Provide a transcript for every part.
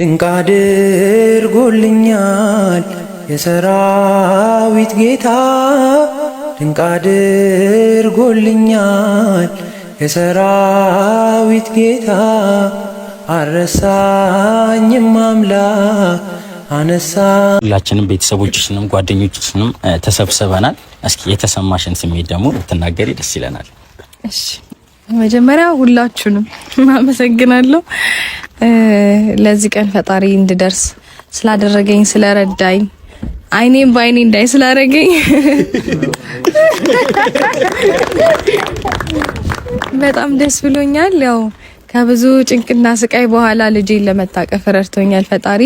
ድንቅ አድርጎልኛል የሰራዊት ጌታ ድንቅ አድርጎልኛል የሰራዊት ጌታ አረሳኝም አምላክ አነሳ። ሁላችንም ቤተሰቦችሽንም ጓደኞችሽንም ተሰብስበናል። እስኪ የተሰማሽን ስሜት ደግሞ ብትናገሪ ደስ ይለናል። እሺ መጀመሪያ ሁላችሁንም አመሰግናለሁ። ለዚህ ቀን ፈጣሪ እንድደርስ ስላደረገኝ ስለረዳኝ አይኔም በአይኔ እንዳይ ስላደረገኝ በጣም ደስ ብሎኛል ያው ከብዙ ጭንቅና ስቃይ በኋላ ልጄን ለመታቀፍ ረድቶኛል ፈጣሪ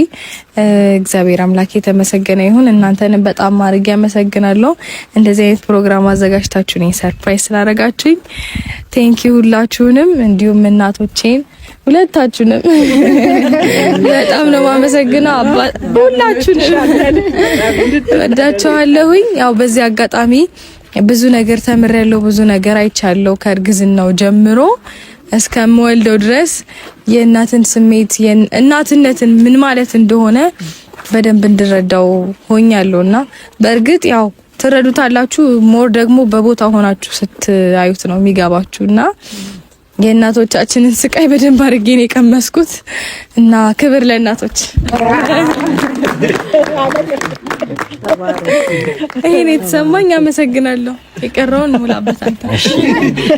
እግዚአብሔር አምላክ የተመሰገነ ይሁን። እናንተንም በጣም ማርግ ያመሰግናለሁ። እንደዚህ አይነት ፕሮግራም አዘጋጅታችሁ ነኝ ሰርፕራይዝ ስላደረጋችሁኝ ቴንኪ ሁላችሁንም፣ እንዲሁም እናቶቼን ሁለታችሁንም በጣም ነው ማመሰግነው። አባ ሁላችሁንም ወዳችኋለሁኝ። ያው በዚህ አጋጣሚ ብዙ ነገር ተምሬያለሁ፣ ብዙ ነገር አይቻለሁ ከእርግዝናው ጀምሮ እስከምወልደው ድረስ የእናትን ስሜት እናትነትን ምን ማለት እንደሆነ በደንብ እንድረዳው ሆኛለሁ እና በእርግጥ ያው ትረዱታላችሁ ሞር ደግሞ በቦታ ሆናችሁ ስትአዩት ነው የሚገባችሁ እና የእናቶቻችንን ስቃይ በደንብ አድርጌ ነው የቀመስኩት እና ክብር ለእናቶች። ይሄን የተሰማኝ አመሰግናለሁ። የቀረውን ሙላበታል።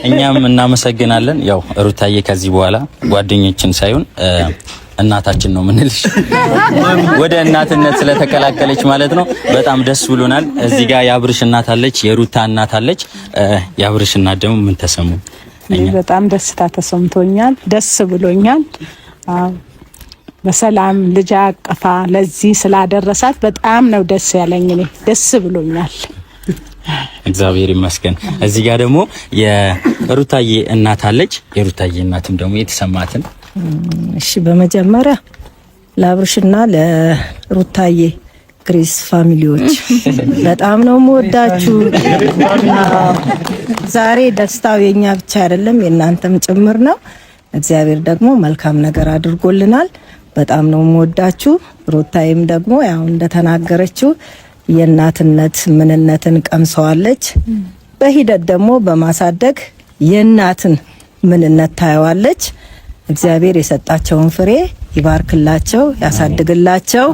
እኛም እናመሰግናለን። ያው ሩታዬ ከዚህ በኋላ ጓደኞችን ሳይሆን እናታችን ነው ምንልሽ፣ ወደ እናትነት ስለተቀላቀለች ማለት ነው። በጣም ደስ ብሎናል። እዚህ ጋር የአብርሽ እናት አለች፣ የሩታ እናት አለች። የአብርሽ እናት ደግሞ ምን ተሰሙ? በጣም ደስታ ተሰምቶኛል፣ ደስ ብሎኛል። በሰላም ልጅ አቅፋ ለዚህ ስላደረሳት በጣም ነው ደስ ያለኝ። እኔ ደስ ብሎኛል። እግዚአብሔር ይመስገን። እዚህ ጋር ደግሞ የሩታዬ እናት አለች። የሩታዬ እናትም ደግሞ የተሰማትን እሺ፣ በመጀመሪያ ለአብርሽና ለሩታዬ ግሬስ ፋሚሊዎች በጣም ነው የምወዳችሁ። ዛሬ ደስታው የኛ ብቻ አይደለም የእናንተም ጭምር ነው። እግዚአብሔር ደግሞ መልካም ነገር አድርጎልናል። በጣም ነው የምወዳችሁ። ሩታዬም ደግሞ ያው እንደተናገረችው የእናትነት ምንነትን ቀምሰዋለች። በሂደት ደግሞ በማሳደግ የእናትን ምንነት ታየዋለች። እግዚአብሔር የሰጣቸውን ፍሬ ይባርክላቸው፣ ያሳድግላቸው።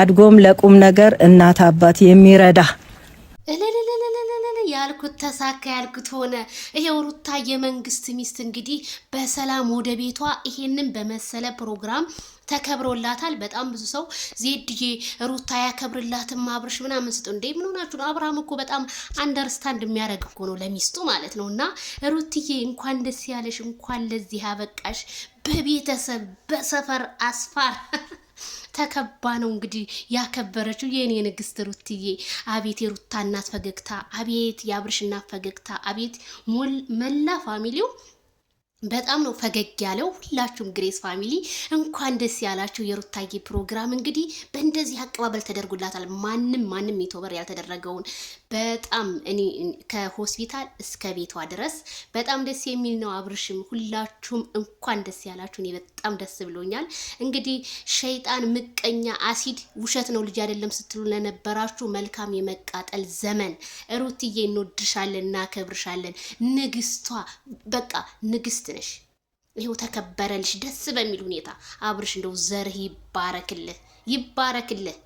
አድጎም ለቁም ነገር እናት አባት የሚረዳ እልልልልልልል ያልኩት ተሳካ፣ ያልኩት ሆነ። ይሄው ሩታ የመንግስት ሚስት እንግዲህ በሰላም ወደ ቤቷ ይሄንን በመሰለ ፕሮግራም ተከብሮላታል። በጣም ብዙ ሰው ዜድዬ ሩታ ያከብርላትም አብርሽ ምናምን ስጡ እንዴ ምን ሆናችሁ ነው? አብርሃም እኮ በጣም አንደርስታንድ የሚያደርግ እኮ ነው ለሚስቱ ማለት ነው። እና ሩትዬ እንኳን ደስ ያለሽ፣ እንኳን ለዚህ አበቃሽ። በቤተሰብ በሰፈር አስፋር ተከባ ነው እንግዲህ ያከበረችው የእኔ ንግስት ሩትዬ። አቤት የሩታ እናት ፈገግታ፣ አቤት የአብርሽ እናት ፈገግታ፣ አቤት መላ ፋሚሊው በጣም ነው ፈገግ ያለው። ሁላችሁም ግሬስ ፋሚሊ እንኳን ደስ ያላችሁ። የሩታዬ ፕሮግራም እንግዲህ በእንደዚህ አቀባበል ተደርጎላታል። ማንም ማንም ዩቲዩበር ያልተደረገውን በጣም እኔ ከሆስፒታል እስከ ቤቷ ድረስ በጣም ደስ የሚል ነው። አብርሽም ሁላችሁም እንኳን ደስ ያላችሁ። እኔ በጣም ደስ ብሎኛል። እንግዲህ ሸይጣን፣ ምቀኛ፣ አሲድ ውሸት ነው ልጅ አይደለም ስትሉ ለነበራችሁ መልካም የመቃጠል ዘመን። ሩትዬ እንወድሻለን፣ እናከብርሻለን። ንግስቷ በቃ ንግስት ነሽ። ይኸው ተከበረልሽ ደስ በሚል ሁኔታ አብርሽ፣ እንደው ዘርህ ይባረክልህ፣ ይባረክልህ።